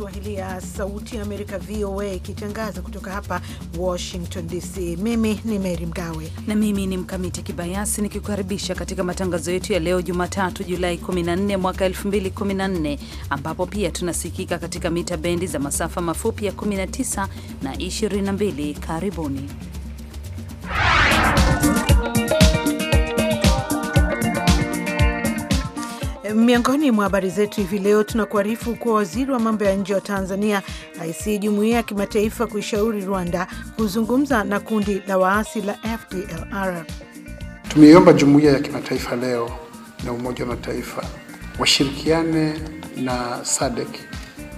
Kiswahili ya Sauti ya Amerika, VOA, ikitangaza kutoka hapa Washington DC. Mimi ni Meri Mgawe na mimi ni Mkamiti Kibayasi, nikikukaribisha katika matangazo yetu ya leo Jumatatu, Julai 14 mwaka 2014, ambapo pia tunasikika katika mita bendi za masafa mafupi ya 19 na 22. Karibuni. Miongoni mwa habari zetu hivi leo tunakuarifu kuwa waziri wa mambo ya nje wa Tanzania aisii jumuiya ya kimataifa kuishauri Rwanda kuzungumza na kundi la waasi la FDLR. Tumeiomba jumuiya ya kimataifa leo na Umoja wa Mataifa washirikiane na SADC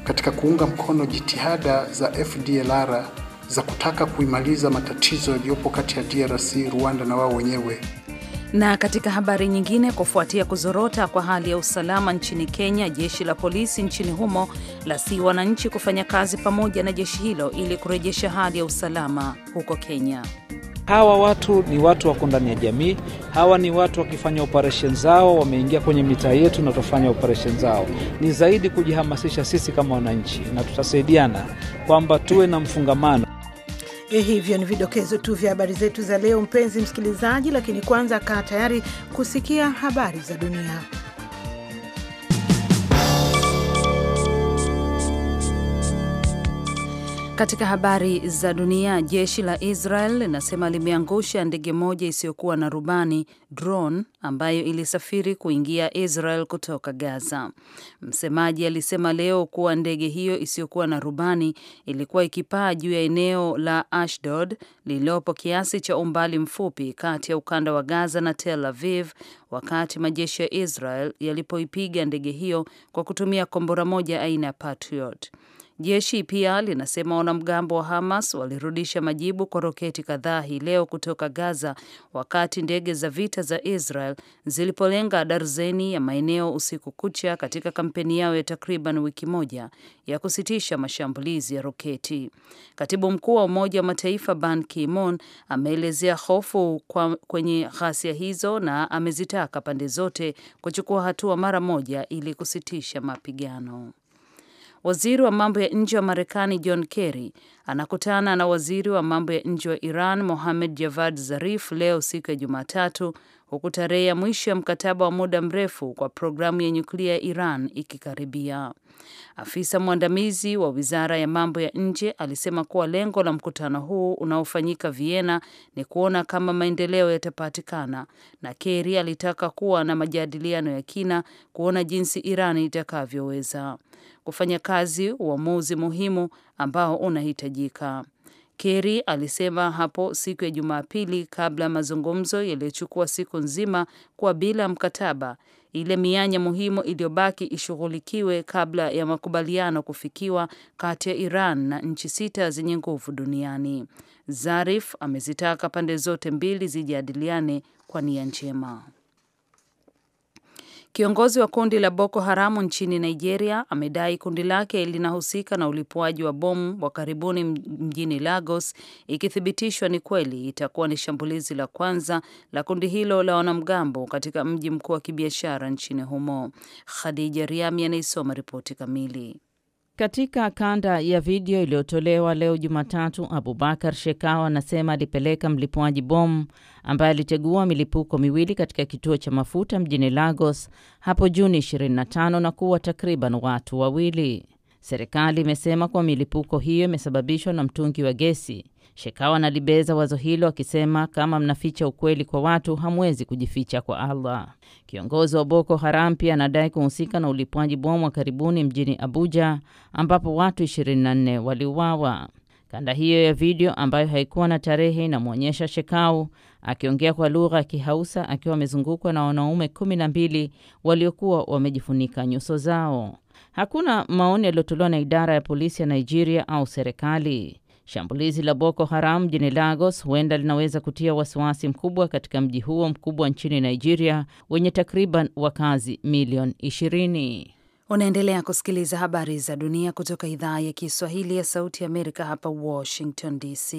katika kuunga mkono jitihada za FDLR za kutaka kuimaliza matatizo yaliyopo kati ya DRC, Rwanda na wao wenyewe. Na katika habari nyingine, kufuatia kuzorota kwa hali ya usalama nchini Kenya, jeshi la polisi nchini humo la si wananchi kufanya kazi pamoja na jeshi hilo ili kurejesha hali ya usalama huko Kenya. Hawa watu ni watu wako ndani ya jamii. Hawa ni watu wakifanya operesheni zao, wameingia kwenye mitaa yetu na tutafanya operesheni zao. Ni zaidi kujihamasisha sisi kama wananchi, na tutasaidiana kwamba tuwe na mfungamano. Hivyo ni vidokezo tu vya habari zetu za leo, mpenzi msikilizaji, lakini kwanza kaa tayari kusikia habari za dunia. Katika habari za dunia, jeshi la Israel linasema limeangusha ndege moja isiyokuwa na rubani drone ambayo ilisafiri kuingia Israel kutoka Gaza. Msemaji alisema leo kuwa ndege hiyo isiyokuwa na rubani ilikuwa ikipaa juu ya eneo la Ashdod lililopo kiasi cha umbali mfupi kati ya ukanda wa Gaza na Tel Aviv, wakati majeshi ya Israel yalipoipiga ndege hiyo kwa kutumia kombora moja aina ya Patriot. Jeshi pia linasema wanamgambo wa Hamas walirudisha majibu kwa roketi kadhaa hii leo kutoka Gaza, wakati ndege za vita za Israel zilipolenga darzeni ya maeneo usiku kucha katika kampeni yao ya takriban wiki moja ya kusitisha mashambulizi ya roketi. Katibu mkuu wa Umoja wa Mataifa Ban Ki-moon ameelezea hofu kwenye ghasia hizo na amezitaka pande zote kuchukua hatua mara moja ili kusitisha mapigano. Waziri wa mambo ya nje wa Marekani John Kerry anakutana na waziri wa mambo ya nje wa Iran Mohamed Javad Zarif leo siku ya Jumatatu, huku tarehe ya mwisho ya mkataba wa muda mrefu kwa programu ya nyuklia ya Iran ikikaribia. Afisa mwandamizi wa wizara ya mambo ya nje alisema kuwa lengo la mkutano huu unaofanyika Vienna ni kuona kama maendeleo yatapatikana, na Kerry alitaka kuwa na majadiliano ya kina kuona jinsi Iran itakavyoweza kufanya kazi uamuzi muhimu ambao unahitajika. Kerry alisema hapo siku ya Jumapili kabla ya mazungumzo yaliyochukua siku nzima kuwa bila mkataba, ile mianya muhimu iliyobaki ishughulikiwe kabla ya makubaliano kufikiwa kati ya Iran na nchi sita zenye nguvu duniani. Zarif amezitaka pande zote mbili zijadiliane kwa nia njema. Kiongozi wa kundi la Boko Haramu nchini Nigeria amedai kundi lake linahusika na ulipuaji wa bomu wa karibuni mjini Lagos. Ikithibitishwa ni kweli, itakuwa ni shambulizi la kwanza la kundi hilo la wanamgambo katika mji mkuu wa kibiashara nchini humo. Khadija Riami anaisoma ripoti kamili. Katika kanda ya video iliyotolewa leo Jumatatu, Abubakar Shekau anasema alipeleka mlipuaji bomu ambaye alitegua milipuko miwili katika kituo cha mafuta mjini Lagos hapo Juni 25 na kuua takriban watu wawili. Serikali imesema kuwa milipuko hiyo imesababishwa na mtungi wa gesi Shekawa analibeza wazo hilo akisema, kama mnaficha ukweli kwa watu, hamwezi kujificha kwa Allah. Kiongozi wa Boko Haram pia anadai kuhusika na ulipwaji bomu wa karibuni mjini Abuja ambapo watu 24 waliuawa. Kanda hiyo ya video ambayo haikuwa na tarehe inamwonyesha Shekau akiongea kwa lugha ya Kihausa akiwa amezungukwa na wanaume kumi na mbili waliokuwa wamejifunika nyuso zao. Hakuna maoni yaliyotolewa na idara ya polisi ya Nigeria au serikali. Shambulizi la Boko Haram mjini Lagos huenda linaweza kutia wasiwasi mkubwa katika mji huo mkubwa nchini Nigeria wenye takriban wakazi milioni 20. Unaendelea kusikiliza habari za dunia kutoka idhaa ya Kiswahili ya Sauti ya Amerika hapa Washington DC.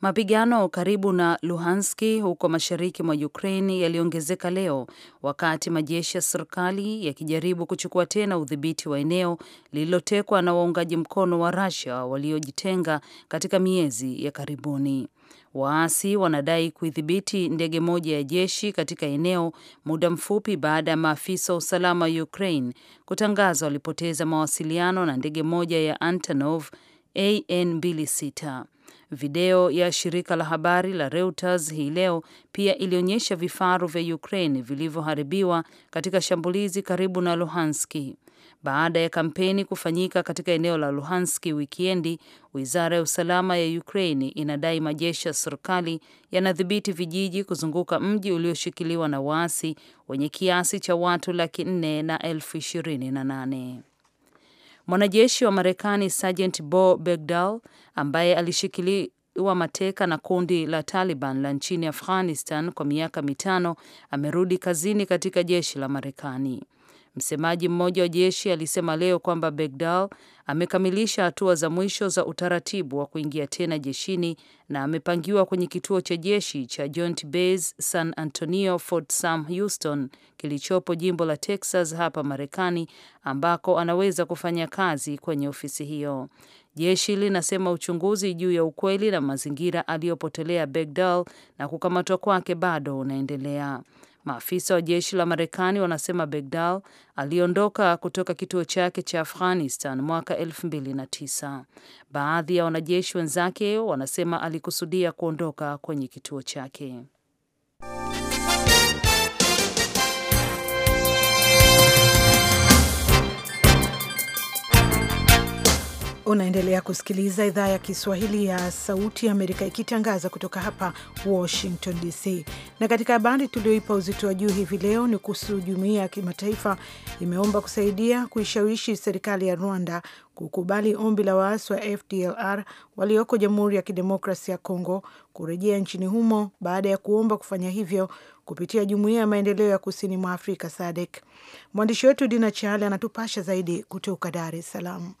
Mapigano karibu na Luhanski huko mashariki mwa Ukraine yaliongezeka leo wakati majeshi ya serikali yakijaribu kuchukua tena udhibiti wa eneo lililotekwa na waungaji mkono wa Russia waliojitenga katika miezi ya karibuni. Waasi wanadai kuidhibiti ndege moja ya jeshi katika eneo muda mfupi baada ya maafisa wa usalama wa Ukraine kutangaza walipoteza mawasiliano na ndege moja ya Antonov AN 26. Video ya shirika la habari la Reuters hii leo pia ilionyesha vifaru vya Ukraine vilivyoharibiwa katika shambulizi karibu na Luhanski. Baada ya kampeni kufanyika katika eneo la Luhanski wikiendi, wizara ya usalama ya Ukraini inadai majeshi ya serikali yanadhibiti vijiji kuzunguka mji ulioshikiliwa na waasi wenye kiasi cha watu laki nne na elfu ishirini na nane. Mwanajeshi wa Marekani Sergeant Bo Begdal ambaye alishikiliwa mateka na kundi la Taliban la nchini Afghanistan kwa miaka mitano amerudi kazini katika jeshi la Marekani. Msemaji mmoja wa jeshi alisema leo kwamba Begdal amekamilisha hatua za mwisho za utaratibu wa kuingia tena jeshini na amepangiwa kwenye kituo cha jeshi cha Joint Base San Antonio Fort Sam Houston kilichopo jimbo la Texas hapa Marekani, ambako anaweza kufanya kazi kwenye ofisi hiyo. Jeshi linasema uchunguzi juu ya ukweli na mazingira aliyopotelea Begdal na kukamatwa kwake bado unaendelea. Maafisa wa jeshi la Marekani wanasema Begdal aliondoka kutoka kituo chake cha Afghanistan mwaka 2009. Baadhi ya wanajeshi wenzake wanasema alikusudia kuondoka kwenye kituo chake. Unaendelea kusikiliza idhaa ya Kiswahili ya Sauti ya Amerika ikitangaza kutoka hapa Washington DC. Na katika habari tulioipa uzito wa juu hivi leo ni kuhusu jumuiya ya kimataifa imeomba kusaidia kuishawishi serikali ya Rwanda kukubali ombi la waasi wa FDLR walioko Jamhuri ya Kidemokrasi ya congo kurejea nchini humo baada ya kuomba kufanya hivyo kupitia Jumuiya ya Maendeleo ya Kusini mwa Afrika SADC. Mwandishi wetu Dina chale anatupasha zaidi kutoka Dar es Salaam.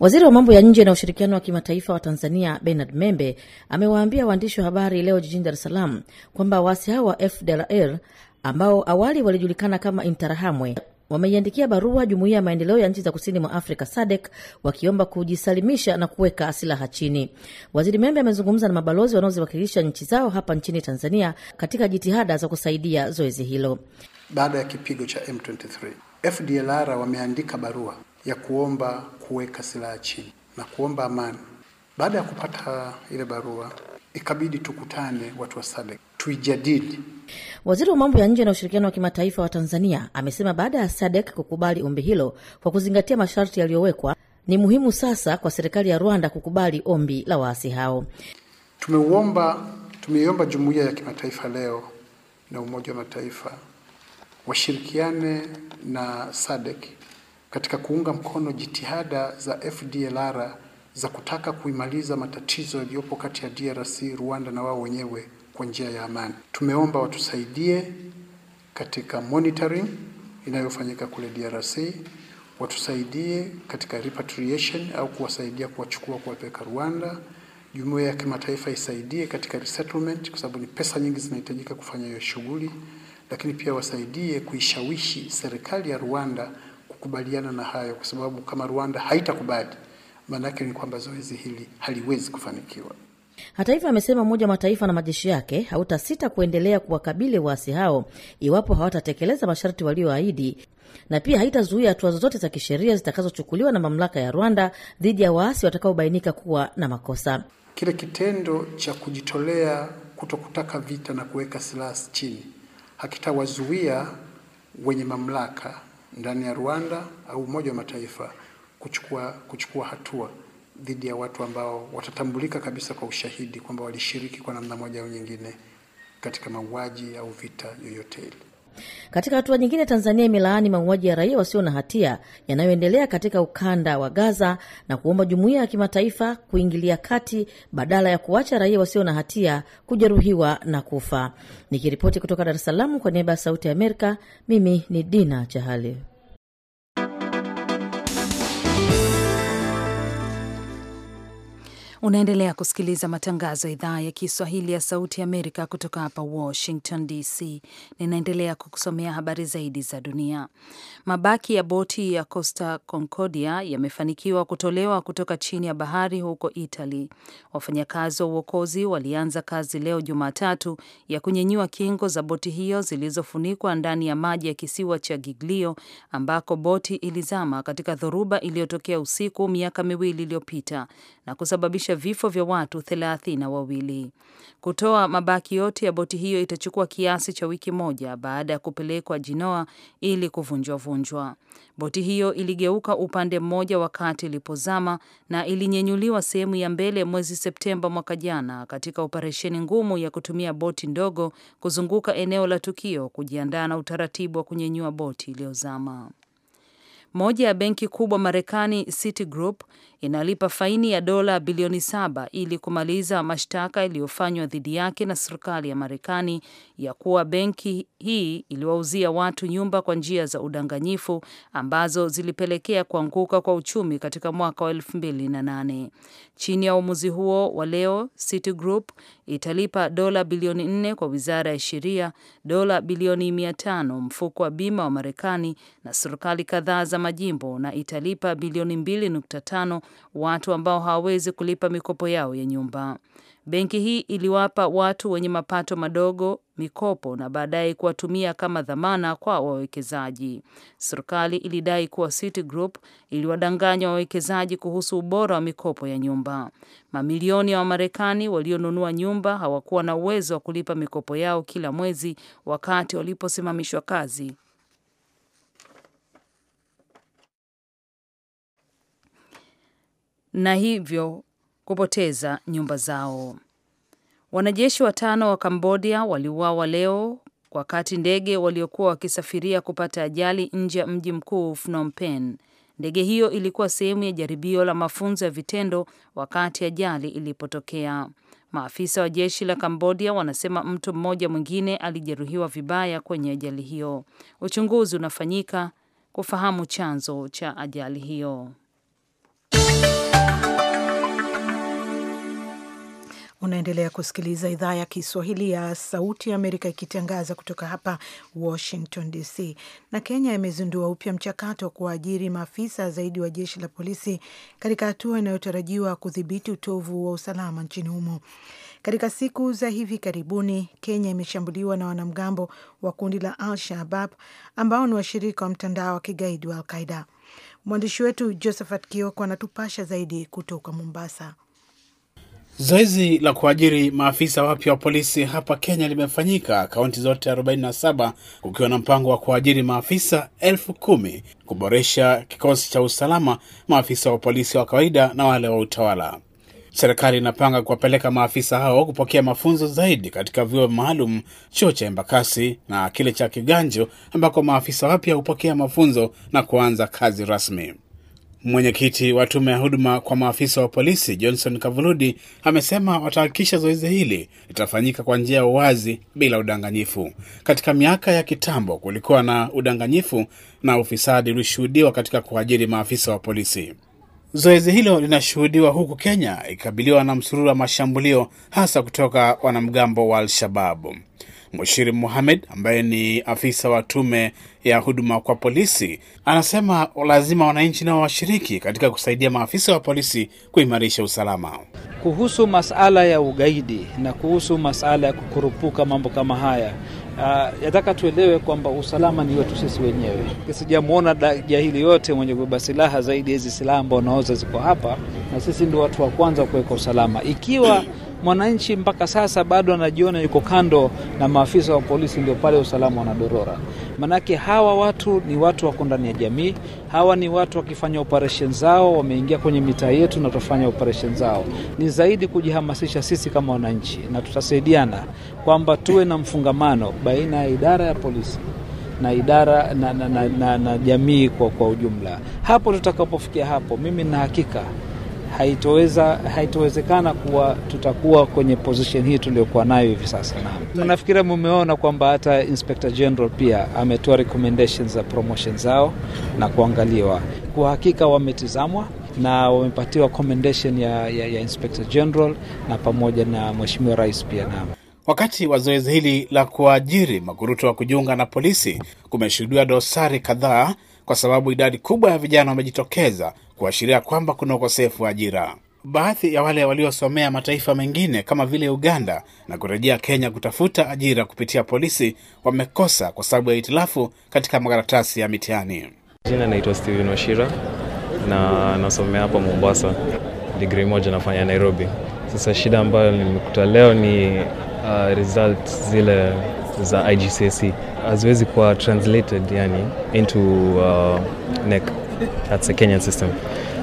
Waziri wa mambo ya nje na ushirikiano wa kimataifa wa Tanzania, Bernard Membe, amewaambia waandishi wa habari leo jijini Dar es Salaam kwamba waasi hao wa FDLR ambao awali walijulikana kama Interahamwe wameiandikia barua Jumuiya ya Maendeleo ya Nchi za Kusini mwa Afrika SADEK wakiomba kujisalimisha na kuweka silaha chini. Waziri Membe amezungumza na mabalozi wanaoziwakilisha nchi zao hapa nchini Tanzania katika jitihada za kusaidia zoezi hilo. Baada ya kipigo cha M23, FDLR wameandika barua ya kuomba kuweka silaha chini na kuomba amani. Baada ya kupata ile barua, ikabidi tukutane watu wa SADC tuijadili. Waziri wa mambo ya nje na ushirikiano wa kimataifa wa Tanzania amesema baada ya SADC kukubali ombi hilo kwa kuzingatia masharti yaliyowekwa, ni muhimu sasa kwa serikali ya Rwanda kukubali ombi la waasi hao. Tumeuomba, tumeiomba jumuiya ya kimataifa leo na Umoja wa Mataifa washirikiane na SADC katika kuunga mkono jitihada za FDLR za kutaka kuimaliza matatizo yaliyopo kati ya DRC, Rwanda na wao wenyewe kwa njia ya amani. Tumeomba watusaidie katika monitoring inayofanyika kule DRC, watusaidie katika repatriation au kuwasaidia kuwachukua kuwapeleka Rwanda. Jumuiya ya kimataifa isaidie katika resettlement, kwa sababu ni pesa nyingi zinahitajika kufanya hiyo shughuli, lakini pia wasaidie kuishawishi serikali ya Rwanda kukubaliana na hayo, kwa sababu kama Rwanda haitakubali, maanake ni kwamba zoezi hili haliwezi kufanikiwa. Hata hivyo, amesema Umoja wa Mataifa na majeshi yake hautasita kuendelea kuwakabili waasi hao iwapo hawatatekeleza masharti walioahidi, na pia haitazuia hatua zozote za kisheria zitakazochukuliwa na mamlaka ya Rwanda dhidi ya waasi watakaobainika kuwa na makosa. Kile kitendo cha kujitolea kutokutaka vita na kuweka silaha chini hakitawazuia wenye mamlaka ndani ya Rwanda au Umoja wa Mataifa kuchukua, kuchukua hatua dhidi ya watu ambao watatambulika kabisa kwa ushahidi kwamba walishiriki kwa namna moja au nyingine katika mauaji au vita yoyote ile. Katika hatua nyingine, Tanzania imelaani mauaji ya raia wasio na hatia yanayoendelea katika ukanda wa Gaza na kuomba jumuiya ya kimataifa kuingilia kati badala ya kuacha raia wasio na hatia kujeruhiwa na kufa. Nikiripoti kutoka Dar es Salaam kwa niaba ya Sauti ya Amerika, mimi ni Dina Chahali. Unaendelea kusikiliza matangazo ya idhaa ya Kiswahili ya Sauti Amerika kutoka hapa Washington DC. Ninaendelea kukusomea habari zaidi za dunia. Mabaki ya boti ya Costa Concordia yamefanikiwa kutolewa kutoka chini ya bahari huko Italy. Wafanyakazi wa uokozi walianza kazi leo Jumatatu ya kunyenyua kingo za boti hiyo zilizofunikwa ndani ya maji ya kisiwa cha Giglio ambako boti ilizama katika dhoruba iliyotokea usiku miaka miwili iliyopita na kusababisha kusababisha vifo vya watu thelathini na wawili. Kutoa mabaki yote ya boti hiyo itachukua kiasi cha wiki moja baada ya kupelekwa Jinoa ili kuvunjwa vunjwa Boti hiyo iligeuka upande mmoja wakati ilipozama na ilinyenyuliwa sehemu ya mbele mwezi Septemba mwaka jana katika operesheni ngumu ya kutumia boti ndogo kuzunguka eneo la tukio kujiandaa na utaratibu wa kunyenyua boti iliyozama. Moja ya benki kubwa Marekani, Citigroup inalipa faini ya dola bilioni saba ili kumaliza mashtaka yaliyofanywa dhidi yake na serikali ya Marekani ya kuwa benki hii iliwauzia watu nyumba kwa njia za udanganyifu ambazo zilipelekea kuanguka kwa uchumi katika mwaka wa nane. Chini ya uamuzi huo wa leo, Citigroup italipa dola bilioni 4 kwa Wizara ya Sheria, dola bilioni tano mfuko wa bima wa Marekani na serikali kadhaa za majimbo na italipa bilioni tano watu ambao hawawezi kulipa mikopo yao ya nyumba. Benki hii iliwapa watu wenye mapato madogo mikopo na baadaye kuwatumia kama dhamana kwa wawekezaji. Serikali ilidai kuwa Citigroup iliwadanganya wawekezaji kuhusu ubora wa mikopo ya nyumba. Mamilioni ya Wamarekani walionunua nyumba hawakuwa na uwezo wa kulipa mikopo yao kila mwezi wakati waliposimamishwa kazi na hivyo kupoteza nyumba zao. Wanajeshi watano wa Kambodia waliuawa leo wakati ndege waliokuwa wakisafiria kupata ajali nje ya mji mkuu Phnom Penh. Ndege hiyo ilikuwa sehemu ya jaribio la mafunzo ya vitendo wakati ajali ilipotokea. Maafisa wa jeshi la Kambodia wanasema mtu mmoja mwingine alijeruhiwa vibaya kwenye ajali hiyo. Uchunguzi unafanyika kufahamu chanzo cha ajali hiyo. Unaendelea kusikiliza idhaa ya Kiswahili ya Sauti ya Amerika ikitangaza kutoka hapa Washington DC. Na Kenya imezindua upya mchakato wa kuajiri maafisa zaidi wa jeshi la polisi katika hatua inayotarajiwa kudhibiti utovu wa usalama nchini humo. Katika siku za hivi karibuni, Kenya imeshambuliwa na wanamgambo wa kundi la Al Shabab ambao ni washirika wa mtandao wa kigaidi wa Alqaida. Mwandishi wetu Josephat Kioko anatupasha zaidi kutoka Mombasa. Zoezi la kuajiri maafisa wapya wa polisi hapa Kenya limefanyika kaunti zote 47 kukiwa na mpango wa kuajiri maafisa elfu kumi kuboresha kikosi cha usalama, maafisa wa polisi wa kawaida na wale wa utawala. Serikali inapanga kuwapeleka maafisa hao kupokea mafunzo zaidi katika vyuo maalum, chuo cha Embakasi na kile cha Kiganjo, ambako maafisa wapya hupokea mafunzo na kuanza kazi rasmi. Mwenyekiti wa tume ya huduma kwa maafisa wa polisi Johnson Kavuludi amesema watahakikisha zoezi hili litafanyika kwa njia ya uwazi bila udanganyifu. Katika miaka ya kitambo kulikuwa na udanganyifu na ufisadi ulishuhudiwa katika kuajiri maafisa wa polisi. Zoezi hilo linashuhudiwa huku Kenya ikikabiliwa na msururu wa mashambulio hasa kutoka wanamgambo wa Al-Shababu. Mushirim muhamed ambaye ni afisa wa tume ya huduma kwa polisi anasema lazima wananchi nao washiriki katika kusaidia maafisa wa polisi kuimarisha usalama. Kuhusu masala ya ugaidi na kuhusu masala ya kukurupuka mambo kama haya, uh, yataka tuelewe kwamba usalama ni wetu sisi wenyewe. Sijamwona jahili yote mwenye kubeba silaha zaidi ya hizi silaha ambao unaoza ziko hapa, na sisi ndio watu wa kwanza kuweka usalama ikiwa mwananchi mpaka sasa bado anajiona yuko kando na maafisa wa polisi, ndio pale usalama wanadorora. Maanake hawa watu ni watu wako ndani ya jamii, hawa ni watu wakifanya operation zao, wameingia kwenye mitaa yetu na tutafanya operation zao. Ni zaidi kujihamasisha sisi kama wananchi, na tutasaidiana kwamba tuwe na mfungamano baina ya idara ya polisi na idara na, na, na, na, na jamii kwa, kwa ujumla. Hapo tutakapofikia hapo, mimi nina hakika haitoweza haitowezekana kuwa tutakuwa kwenye position hii tuliyokuwa nayo hivi sasa. Na nafikiri mumeona kwamba hata Inspector General pia ametoa recommendations za promotion zao na kuangaliwa, kwa hakika wametizamwa na wamepatiwa commendation ya, ya, ya Inspector General na pamoja na Mheshimiwa Rais pia na Wakati wa zoezi hili la kuajiri maguruto wa kujiunga na polisi, kumeshuhudiwa dosari kadhaa, kwa sababu idadi kubwa ya vijana wamejitokeza kuashiria kwamba kuna ukosefu wa ajira. Baadhi ya wale waliosomea mataifa mengine kama vile Uganda na kurejea Kenya kutafuta ajira kupitia polisi wamekosa kwa sababu ya hitilafu katika makaratasi ya mitihani. Jina naitwa Steven Washira na nasomea hapa Mombasa, digrii moja nafanya Nairobi. Sasa shida ambayo nimekuta leo ni uh, result zile za IGCSE haziwezi kuwa translated yani into uh, NEC That's a Kenyan system.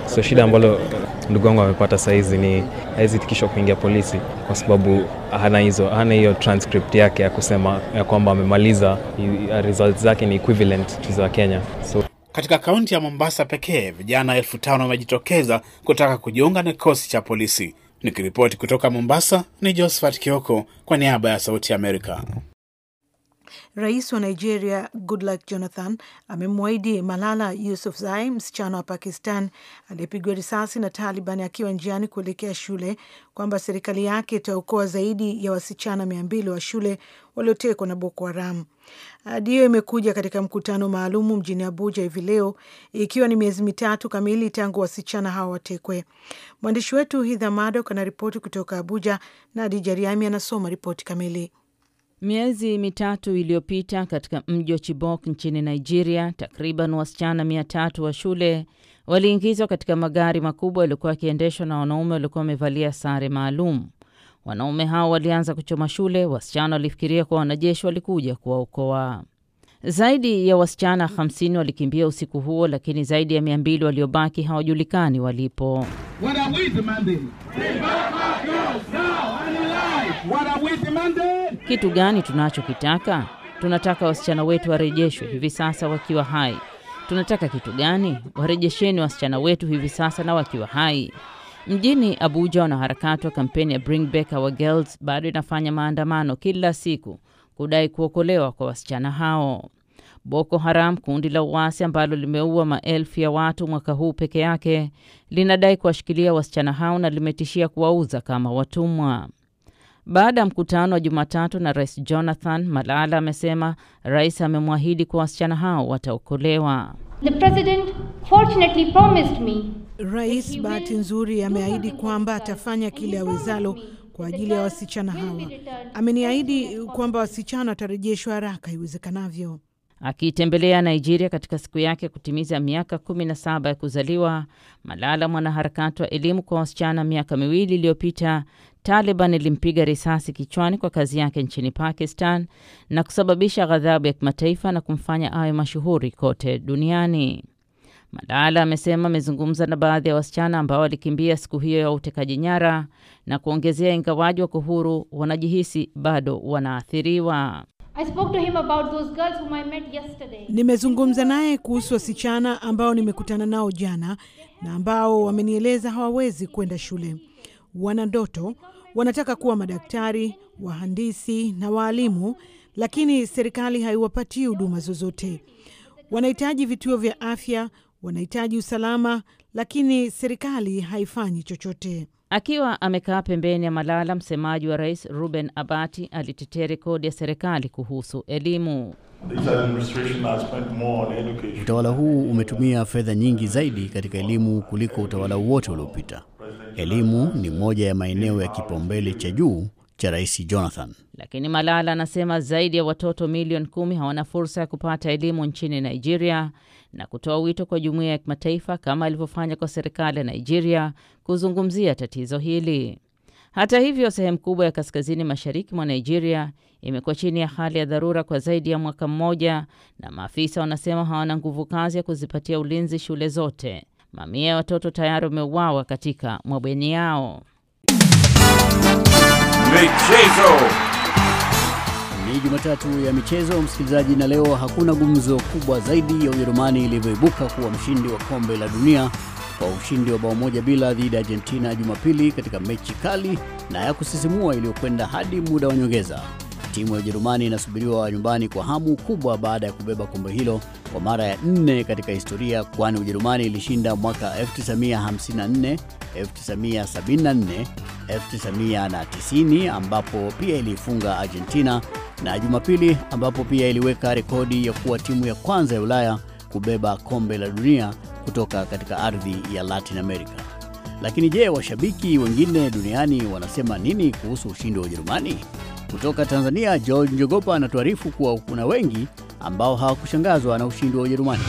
So shida ambalo ndugu wangu amepata saizi ni hawezi tikishwa kuingia polisi kwa sababu hana hizo hana hiyo transcript yake ya kusema ya kwamba amemaliza, results zake ni equivalent to za Kenya. So katika kaunti ya Mombasa pekee vijana elfu tano wamejitokeza kutaka kujiunga na kikosi cha polisi. Nikiripoti kutoka Mombasa ni Josephat Kioko kwa niaba ya Sauti ya Amerika. Rais wa Nigeria Goodluck Jonathan amemwahidi Malala Yousafzai, msichana wa Pakistan aliyepigwa risasi na Taliban akiwa njiani kuelekea shule, kwamba serikali yake itaokoa zaidi ya wasichana mia mbili wa shule waliotekwa na Boko Haram. Ahadi hiyo imekuja katika mkutano maalumu mjini Abuja hivi leo, ikiwa ni miezi mitatu kamili tangu wasichana hawa watekwe. Mwandishi wetu Hidha Madok anaripoti kutoka Abuja na Adija Riami anasoma ripoti kamili. Miezi mitatu iliyopita katika mji wa Chibok nchini Nigeria, takriban wasichana mia tatu wa shule waliingizwa katika magari makubwa yaliyokuwa yakiendeshwa na wanaume waliokuwa wamevalia sare maalum. Wanaume hao walianza kuchoma shule, wasichana walifikiria kuwa wanajeshi walikuja kuwaokoa. Zaidi ya wasichana 50 walikimbia usiku huo, lakini zaidi ya 200 waliobaki hawajulikani walipo. What are we kitu gani tunachokitaka? Tunataka wasichana wetu warejeshwe hivi sasa wakiwa hai. Tunataka kitu gani? Warejesheni wasichana wetu hivi sasa na wakiwa hai. Mjini Abuja, wanaharakati wa kampeni ya Bring Back Our Girls bado inafanya maandamano kila siku kudai kuokolewa kwa wasichana hao. Boko Haram, kundi la uasi ambalo limeua maelfu ya watu mwaka huu peke yake, linadai kuwashikilia wasichana hao na limetishia kuwauza kama watumwa. Baada ya mkutano wa Jumatatu na Rais Jonathan, Malala amesema rais amemwahidi kuwa wasichana hao wataokolewa. The president fortunately promised me. Rais bahati nzuri ameahidi kwamba atafanya kile awezalo kwa ajili ya wasichana hawa. Ameniahidi kwamba wasichana watarejeshwa haraka iwezekanavyo. Akiitembelea Nigeria katika siku yake ya kutimiza miaka kumi na saba ya kuzaliwa, Malala, mwanaharakati wa elimu kwa wasichana, miaka miwili iliyopita, Taliban ilimpiga risasi kichwani kwa kazi yake nchini Pakistan na kusababisha ghadhabu ya kimataifa na kumfanya awe mashuhuri kote duniani. Malala amesema amezungumza na baadhi ya wasichana ambao walikimbia siku hiyo ya utekaji nyara na kuongezea, ingawaji wako huru, wanajihisi bado wanaathiriwa. Nimezungumza naye kuhusu wasichana ambao nimekutana nao jana na ambao wamenieleza hawawezi kwenda shule wana ndoto, wanataka kuwa madaktari, wahandisi na waalimu, lakini serikali haiwapatii huduma zozote. Wanahitaji vituo vya afya, wanahitaji usalama, lakini serikali haifanyi chochote. Akiwa amekaa pembeni ya Malala, msemaji wa rais Ruben Abati alitetea rekodi ya serikali kuhusu elimu. Utawala huu umetumia fedha nyingi zaidi katika elimu kuliko utawala wote uliopita. Elimu ni moja ya maeneo ya kipaumbele cha juu cha Rais Jonathan. Lakini Malala anasema zaidi ya watoto milioni kumi hawana fursa ya kupata elimu nchini Nigeria na kutoa wito kwa jumuiya ya kimataifa kama alivyofanya kwa serikali ya Nigeria kuzungumzia tatizo hili. Hata hivyo, sehemu kubwa ya kaskazini mashariki mwa Nigeria imekuwa chini ya hali ya dharura kwa zaidi ya mwaka mmoja, na maafisa wanasema hawana nguvu kazi ya kuzipatia ulinzi shule zote Mamia ya watoto tayari wameuawa katika mabweni yao. Michezo ni Jumatatu ya michezo, msikilizaji, na leo hakuna gumzo kubwa zaidi ya Ujerumani ilivyoibuka kuwa mshindi wa kombe la dunia kwa ushindi wa bao moja bila dhidi ya Argentina Jumapili katika mechi kali na ya kusisimua iliyokwenda hadi muda wa nyongeza. Timu ya Ujerumani inasubiriwa nyumbani kwa hamu kubwa baada ya kubeba kombe hilo kwa mara ya nne katika historia, kwani Ujerumani ilishinda mwaka 1954, 1974, 1990 ambapo pia iliifunga Argentina na Jumapili ambapo pia iliweka rekodi ya kuwa timu ya kwanza ya Ulaya kubeba kombe la dunia kutoka katika ardhi ya Latin America. Lakini je, washabiki wengine duniani wanasema nini kuhusu ushindi wa Ujerumani? Kutoka Tanzania, George Njogopa anatuarifu kuwa kuna wengi ambao hawakushangazwa na ushindi wa Ujerumani.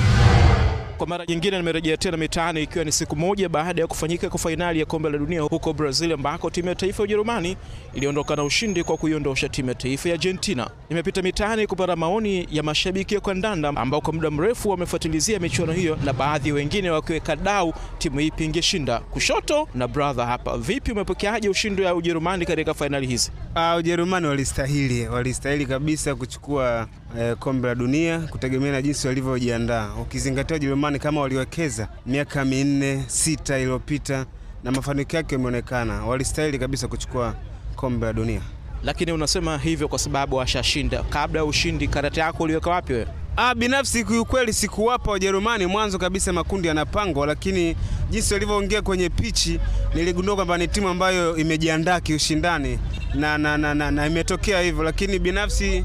Kwa mara nyingine nimerejea tena mitaani ikiwa ni siku moja baada ya kufanyika kwa fainali ya kombe la dunia huko Brazil ambako timu ya taifa ya Ujerumani iliondoka na ushindi kwa kuiondosha timu ya taifa ya Argentina. Nimepita mitaani kupata maoni ya mashabiki ya kandanda ambao kwa muda mrefu wamefuatilizia michuano hiyo na baadhi wengine wakiweka dau timu ipi ingeshinda. Kushoto na brother hapa, vipi, umepokeaje ushindi wa Ujerumani katika fainali hizi? Ah, Ujerumani walistahili, walistahili kabisa kuchukua eh, kombe la dunia kutegemea na jinsi walivyojiandaa, ukizingatia Ujerumani kama waliwekeza miaka minne sita iliyopita na mafanikio yake yameonekana, walistahili kabisa kuchukua kombe la dunia. Lakini unasema hivyo kwa sababu washashinda. Kabla ya ushindi, karata yako uliweka wapi wewe? Ah, binafsi kiukweli sikuwapa Wajerumani mwanzo kabisa, makundi yanapangwa, lakini jinsi walivyoongea kwenye pichi niligundua kwamba ni timu ambayo imejiandaa kiushindani na, na, na, na, na imetokea hivyo, lakini binafsi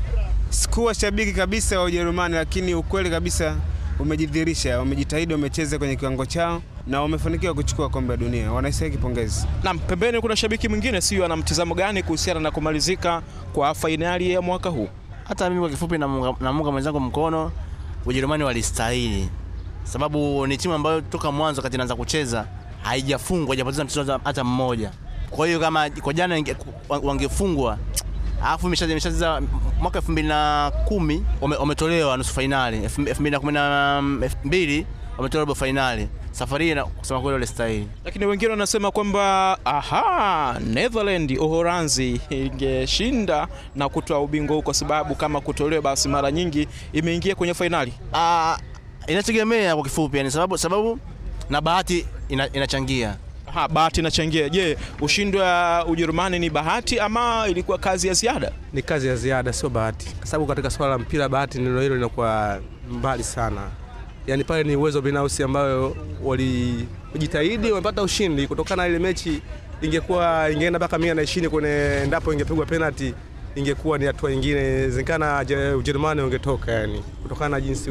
Sikuwa shabiki kabisa wa Ujerumani, lakini ukweli kabisa umejidhihirisha, wamejitahidi, wamecheza kwenye kiwango chao na wamefanikiwa kuchukua kombe la dunia, wanastahili kipongezi. Naam, pembeni kuna shabiki mwingine, sio? Ana mtizamo gani kuhusiana na kumalizika kwa fainali ya mwaka huu? Hata mimi kwa kifupi, namunga mwenzangu mkono, Ujerumani walistahili, sababu ni timu ambayo toka mwanzo kati naanza kucheza haijafungwa, haijapoteza mchezo hata mmoja. Kwa hiyo kama kwa jana wangefungwa alafu imeshacheza mwaka 2010 wametolewa nusu fainali, 2012 mm, wametolewa robo fainali. Safari na kusema kweli ile lakini wengine wanasema kwamba aha, Netherland Uholanzi ingeshinda na kutoa ubingwa huu, kwa sababu kama kutolewa basi mara nyingi imeingia kwenye fainali. Ah, inategemea kwa kifupi, yani sababu, sababu na bahati inachangia ina ha, bahati inachangia. Je, ushindi wa Ujerumani ni bahati ama ilikuwa kazi ya ziada? Ni kazi ya ziada, sio bahati, kwa sababu katika swala la mpira bahati neno hilo linakuwa mbali sana. Yaani pale ni uwezo binafsi ambayo walijitahidi, wamepata ushindi kutokana na ile mechi. Ingekuwa ingeenda mpaka mia na ishirini kwenye ndapo ingepigwa penalti ingekuwa ni hatua nyingine, zekana Ujerumani ungetoka, yani kutokana na jinsi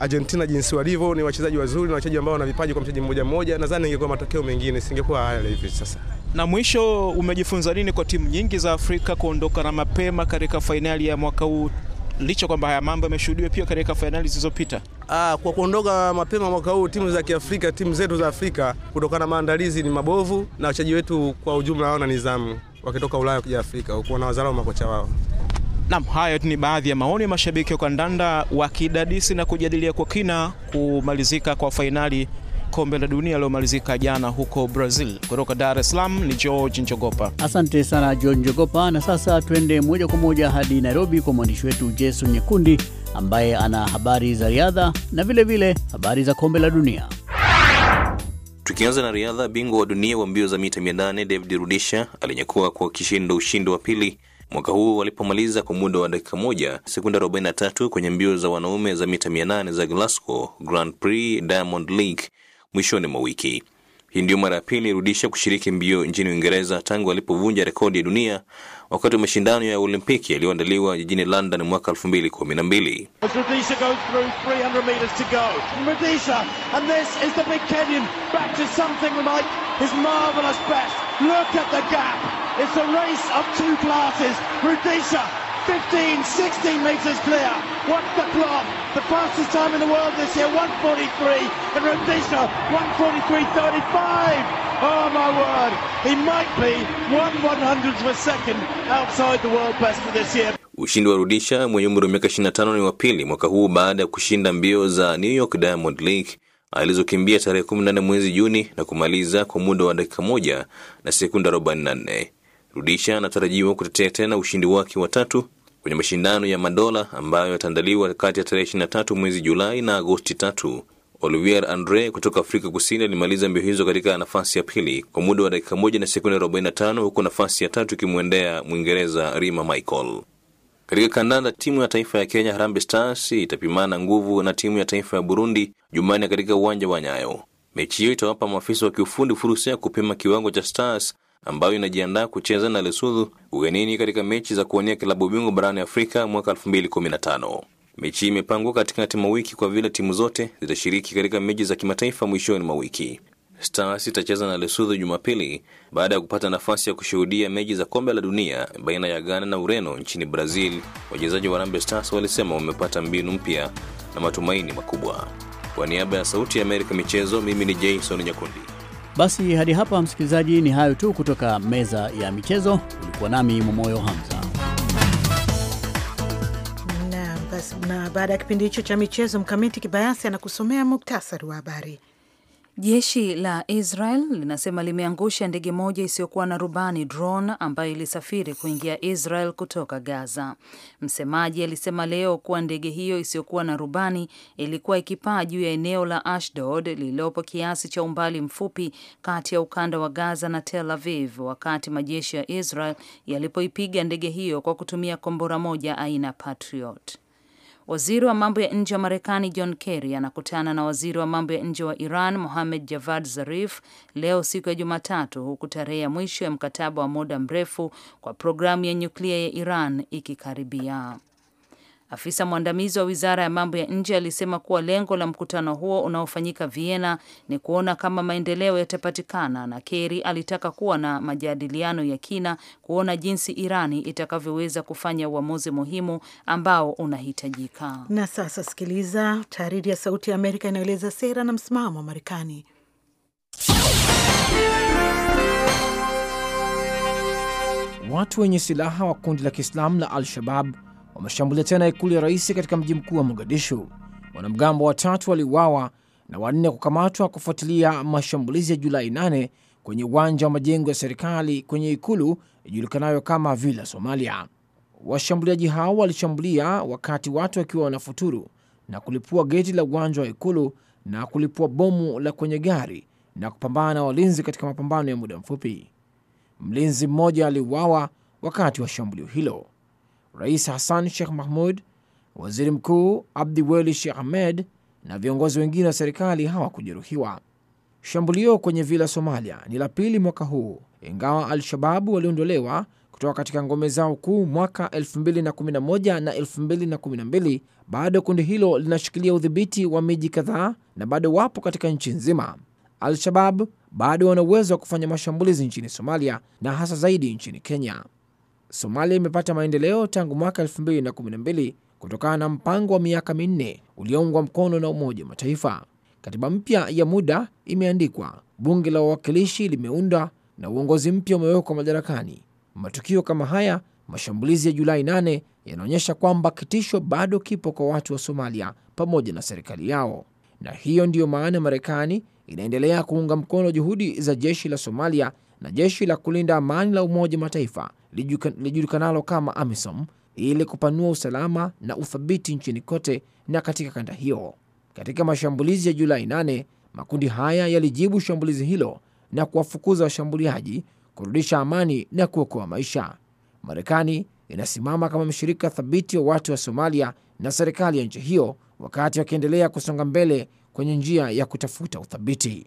Argentina jinsi walivyo ni wachezaji wazuri na wachezaji ambao wana vipaji kwa mchezaji mmoja mmoja, nadhani ingekuwa matokeo mengine, singekuwa haya hivi sasa. Na mwisho, umejifunza nini kwa timu nyingi za Afrika kuondoka na mapema katika fainali ya mwaka huu licha kwamba haya mambo yameshuhudiwa pia katika fainali zilizopita? Ah, kwa kuondoka mapema mwaka huu timu za Kiafrika, timu zetu za Afrika kutokana na maandalizi ni mabovu, na wachezaji wetu kwa ujumla hawana nidhamu, wakitoka Ulaya kuja Afrika huku wanawazarau makocha wao. Naam, hayo ni baadhi ya maoni ya mashabiki wa kandanda wakidadisi na kujadilia kwa kina kumalizika kwa fainali kombe la dunia lilomalizika jana huko Brazil. Kutoka Dar es Salaam ni George Njogopa. Asante sana George Njogopa, na sasa twende moja kwa moja hadi Nairobi kwa mwandishi wetu Jason Nyekundi ambaye ana habari za riadha na vilevile vile habari za kombe la dunia. Tukianza na riadha, bingwa wa dunia wa mbio za mita 800 David Rudisha alinyakua kwa kishindo ushindi wa pili Mwaka huu walipomaliza kwa muda wa dakika moja sekunde 43 kwenye mbio za wanaume za mita 800 za Glasgow Grand Prix Diamond League mwishoni mwa wiki hii. Ndiyo mara ya pili rudisha kushiriki mbio nchini Uingereza tangu alipovunja rekodi ya dunia wakati wa mashindano ya Olimpiki yaliyoandaliwa jijini London mwaka 2012. Like It's a race of two classes. Rudisha, 15, 16 metres clear. What's the clock? The fastest time in the world this year, 143. And Rudisha, 143.35. Oh my word. He might be one one hundredth of a second outside the world best for this year. Ushindi wa Rudisha mwenye umri wa miaka 25 ni wa pili mwaka huu baada ya kushinda mbio za New York Diamond League alizokimbia tarehe 14 mwezi Juni na kumaliza kwa muda wa dakika moja na sekunde 44. Rudisha anatarajiwa kutetea tena ushindi wake wa tatu kwenye mashindano ya madola ambayo yataandaliwa kati ya tarehe 23 mwezi Julai na Agosti tatu. Olivier Andre kutoka Afrika Kusini alimaliza mbio hizo katika nafasi ya pili kwa muda wa dakika moja na sekunde 45 huku nafasi ya tatu ikimwendea Mwingereza Rima Michael. Katika kandanda, timu ya taifa ya Kenya Harambee Stars itapimana nguvu na timu ya taifa ya Burundi Jumanne katika uwanja wa Nyayo. Mechi hiyo itawapa maafisa wa kiufundi fursa ya kupima kiwango cha Stars ambayo inajiandaa kucheza na Lesotho ugenini katika mechi za kuwania klabu bingwa barani Afrika mwaka 2015. Mechi hii imepangwa katikati mwa wiki kwa vile timu zote zitashiriki katika mechi za kimataifa mwishoni mwa wiki. Stars itacheza na Lesotho Jumapili baada ya kupata nafasi ya kushuhudia mechi za kombe la dunia baina ya Ghana na Ureno nchini Brazil. Wachezaji wa Harambee Stars walisema wamepata mbinu mpya na matumaini makubwa. Kwa niaba ya Sauti ya Amerika michezo, mimi ni Jason Nyakundi. Basi hadi hapa, msikilizaji, ni hayo tu kutoka meza ya michezo. Ulikuwa nami Momoyo Hamza. Na baada ya kipindi hicho cha michezo, Mkamiti Kibayasi anakusomea muktasari wa habari. Jeshi la Israel linasema limeangusha ndege moja isiyokuwa na rubani drone ambayo ilisafiri kuingia Israel kutoka Gaza. Msemaji alisema leo kuwa ndege hiyo isiyokuwa na rubani ilikuwa ikipaa juu ya eneo la Ashdod lililopo kiasi cha umbali mfupi kati ya ukanda wa Gaza na Tel Aviv wakati majeshi ya Israel yalipoipiga ndege hiyo kwa kutumia kombora moja aina Patriot. Waziri wa mambo ya nje wa Marekani John Kerry anakutana na waziri wa mambo ya nje wa Iran Mohamed Javad Zarif leo siku ya Jumatatu, huku tarehe ya mwisho ya mkataba wa muda mrefu kwa programu ya nyuklia ya Iran ikikaribia. Afisa mwandamizi wa wizara ya mambo ya nje alisema kuwa lengo la mkutano huo unaofanyika Vienna ni kuona kama maendeleo yatapatikana, na Kerry alitaka kuwa na majadiliano ya kina kuona jinsi Irani itakavyoweza kufanya uamuzi muhimu ambao unahitajika. Na sasa sikiliza tahariri ya Sauti ya Amerika inayoeleza sera na msimamo wa Marekani. Watu wenye silaha wa kundi la Kiislamu la Al-Shabab wameshambulia tena ikulu ya rais katika mji mkuu wa Mogadishu. Wanamgambo watatu waliuawa na wanne kukamatwa kufuatilia mashambulizi ya Julai 8 kwenye uwanja wa majengo ya serikali kwenye ikulu ijulikanayo kama Villa Somalia. Washambuliaji hao walishambulia wakati watu wakiwa wanafuturu na kulipua geti la uwanja wa ikulu na kulipua bomu la kwenye gari na kupambana na walinzi katika mapambano ya muda mfupi. Mlinzi mmoja aliuawa wakati wa shambulio hilo. Rais Hassan Sheikh Mahmud, waziri mkuu Abdi Weli Sheikh Ahmed na viongozi wengine wa serikali hawakujeruhiwa. Shambulio kwenye vila Somalia ni la pili mwaka huu, ingawa Al-Shababu waliondolewa kutoka katika ngome zao kuu mwaka 2011 na 2012. Bado kundi hilo linashikilia udhibiti wa miji kadhaa na bado wapo katika nchi nzima. Al-Shabab bado wana uwezo wa kufanya mashambulizi nchini Somalia na hasa zaidi nchini Kenya. Somalia imepata maendeleo tangu mwaka 2012 kutokana na mpango wa miaka minne ulioungwa mkono na Umoja wa Mataifa. Katiba mpya ya muda imeandikwa, bunge la wawakilishi limeunda na uongozi mpya umewekwa madarakani. Matukio kama haya, mashambulizi ya Julai 8 yanaonyesha kwamba kitisho bado kipo kwa watu wa Somalia pamoja na serikali yao, na hiyo ndiyo maana Marekani inaendelea kuunga mkono juhudi za jeshi la Somalia na jeshi la kulinda amani la Umoja wa Mataifa lijulikanalo kama AMISOM ili kupanua usalama na uthabiti nchini kote na katika kanda hiyo. Katika mashambulizi ya Julai 8 makundi haya yalijibu shambulizi hilo na kuwafukuza washambuliaji, kurudisha amani na kuokoa maisha. Marekani inasimama kama mshirika thabiti wa watu wa Somalia na serikali ya nchi hiyo wakati wakiendelea kusonga mbele kwenye njia ya kutafuta uthabiti.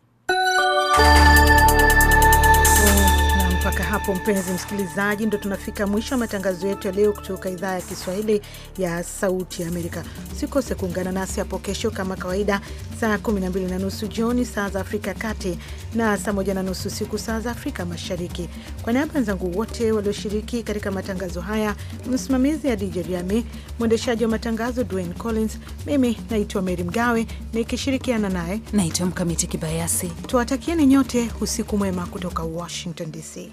Mpaka hapo mpenzi msikilizaji, ndo tunafika mwisho wa matangazo yetu ya leo kutoka idhaa ya Kiswahili ya Sauti ya Amerika. Usikose kuungana nasi hapo kesho kama kawaida, saa 12 na nusu jioni saa za Afrika ya Kati na saa 1 na nusu siku saa za Afrika Mashariki. Kwa niaba wenzangu wote walioshiriki katika matangazo haya, msimamizi ya DJ Riami, mwendeshaji wa matangazo Dwayne Collins, mimi naitwa Meri Mgawe nikishirikiana naye naitwa Mkamiti Kibayasi. Tuwatakieni nyote usiku mwema kutoka Washington DC.